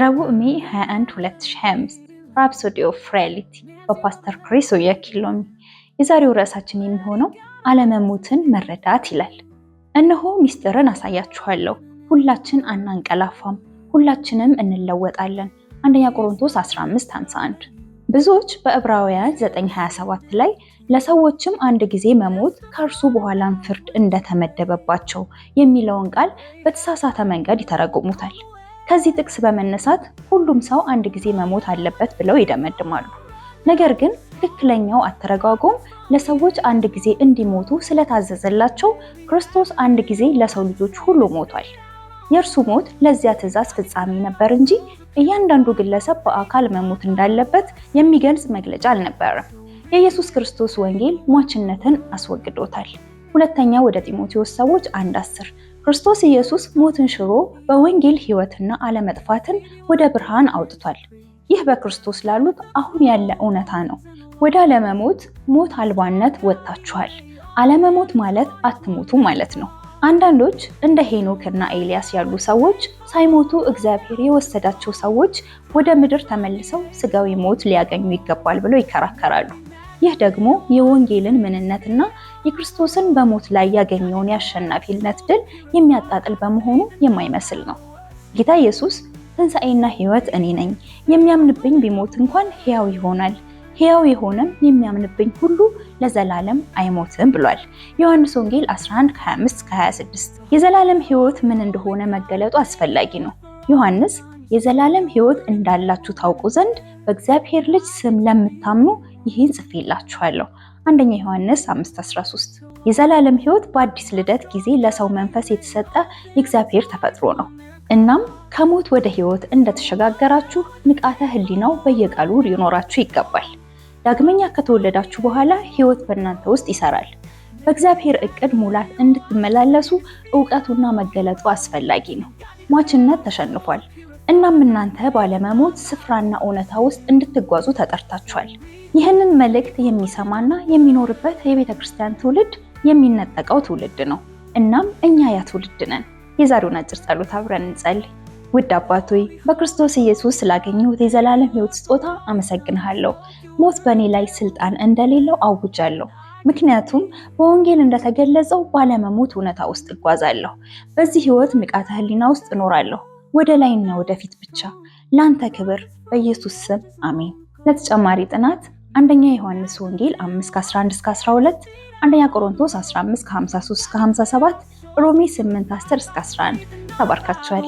ረቡዕ ሜ 21 2025 ራፕሶዲ ኦፍ ሪያሊቲ በፓስተር ክሪስ ኦያኪሎሚ። የዛሬው ርዕሳችን የሚሆነው አለመሞትን መረዳት ይላል። እነሆ ሚስጥርን አሳያችኋለሁ፣ ሁላችን አናንቀላፋም፣ ሁላችንም እንለወጣለን። አንደኛ ቆሮንቶስ 15:51 ብዙዎች በዕብራውያን 9:27 ላይ ለሰዎችም አንድ ጊዜ መሞት ከእርሱ በኋላም ፍርድ እንደተመደበባቸው የሚለውን ቃል በተሳሳተ መንገድ ይተረጉሙታል። ከዚህ ጥቅስ በመነሳት ሁሉም ሰው አንድ ጊዜ መሞት አለበት ብለው ይደመድማሉ። ነገር ግን ትክክለኛው አተረጓጎም ለሰዎች አንድ ጊዜ እንዲሞቱ ስለታዘዘላቸው ክርስቶስ አንድ ጊዜ ለሰው ልጆች ሁሉ ሞቷል። የእርሱ ሞት ለዚያ ትእዛዝ ፍጻሜ ነበር እንጂ እያንዳንዱ ግለሰብ በአካል መሞት እንዳለበት የሚገልጽ መግለጫ አልነበረም። የኢየሱስ ክርስቶስ ወንጌል ሟችነትን አስወግዶታል። ሁለተኛ ወደ ጢሞቴዎስ ሰዎች አንድ አስር ክርስቶስ ኢየሱስ ሞትን ሽሮ በወንጌል ሕይወትና አለመጥፋትን ወደ ብርሃን አውጥቷል። ይህ በክርስቶስ ላሉት አሁን ያለ እውነታ ነው። ወደ አለመሞት ሞት አልባነት ወጥታችኋል። አለመሞት ማለት አትሞቱ ማለት ነው። አንዳንዶች እንደ ሄኖክ እና ኤልያስ ያሉ ሰዎች ሳይሞቱ እግዚአብሔር የወሰዳቸው ሰዎች ወደ ምድር ተመልሰው ስጋዊ ሞት ሊያገኙ ይገባል ብለው ይከራከራሉ። ይህ ደግሞ የወንጌልን ምንነትና የክርስቶስን በሞት ላይ ያገኘውን የአሸናፊነት ድል የሚያጣጥል በመሆኑ የማይመስል ነው። ጌታ ኢየሱስ ትንሣኤና ሕይወት እኔ ነኝ፣ የሚያምንብኝ ቢሞት እንኳን ሕያው ይሆናል ሕያው የሆነም የሚያምንብኝ ሁሉ ለዘላለም አይሞትም ብሏል። ዮሐንስ ወንጌል 11 25 26 የዘላለም ሕይወት ምን እንደሆነ መገለጡ አስፈላጊ ነው። ዮሐንስ የዘላለም ሕይወት እንዳላችሁ ታውቁ ዘንድ በእግዚአብሔር ልጅ ስም ለምታምኑ ይህን ጽፌላችኋለሁ። አንደኛ ዮሐንስ 5:13 የዘላለም ሕይወት በአዲስ ልደት ጊዜ ለሰው መንፈስ የተሰጠ የእግዚአብሔር ተፈጥሮ ነው። እናም ከሞት ወደ ሕይወት እንደተሸጋገራችሁ ንቃተ ሕሊናው በየቀሉ ሊኖራችሁ ይገባል። ዳግመኛ ከተወለዳችሁ በኋላ ሕይወት በእናንተ ውስጥ ይሰራል። በእግዚአብሔር እቅድ ሙላት እንድትመላለሱ እውቀቱና መገለጡ አስፈላጊ ነው። ሟችነት ተሸንፏል። እናም እናንተ ባለመሞት ስፍራና እውነታ ውስጥ እንድትጓዙ ተጠርታችኋል። ይህንን መልእክት የሚሰማና የሚኖርበት የቤተ ክርስቲያን ትውልድ የሚነጠቀው ትውልድ ነው። እናም እኛ ያ ትውልድ ነን። የዛሬውን አጭር ጸሎት አብረን እንጸልይ። ውድ አባት ሆይ በክርስቶስ ኢየሱስ ስላገኘሁት የዘላለም ሕይወት ስጦታ አመሰግንሃለሁ። ሞት በእኔ ላይ ስልጣን እንደሌለው አውጃለሁ። ምክንያቱም በወንጌል እንደተገለጸው ባለመሞት እውነታ ውስጥ እጓዛለሁ። በዚህ ሕይወት ንቃተ ሕሊና ውስጥ እኖራለሁ። ወደ ላይና ወደፊት ብቻ። ላንተ ክብር በኢየሱስ ስም አሜን። ለተጨማሪ ጥናት አንደኛ ዮሐንስ ወንጌል 5:11-12፣ አንደኛ ቆሮንቶስ 15:53-57፣ ሮሜ 8:10-11። ተባርካችኋል።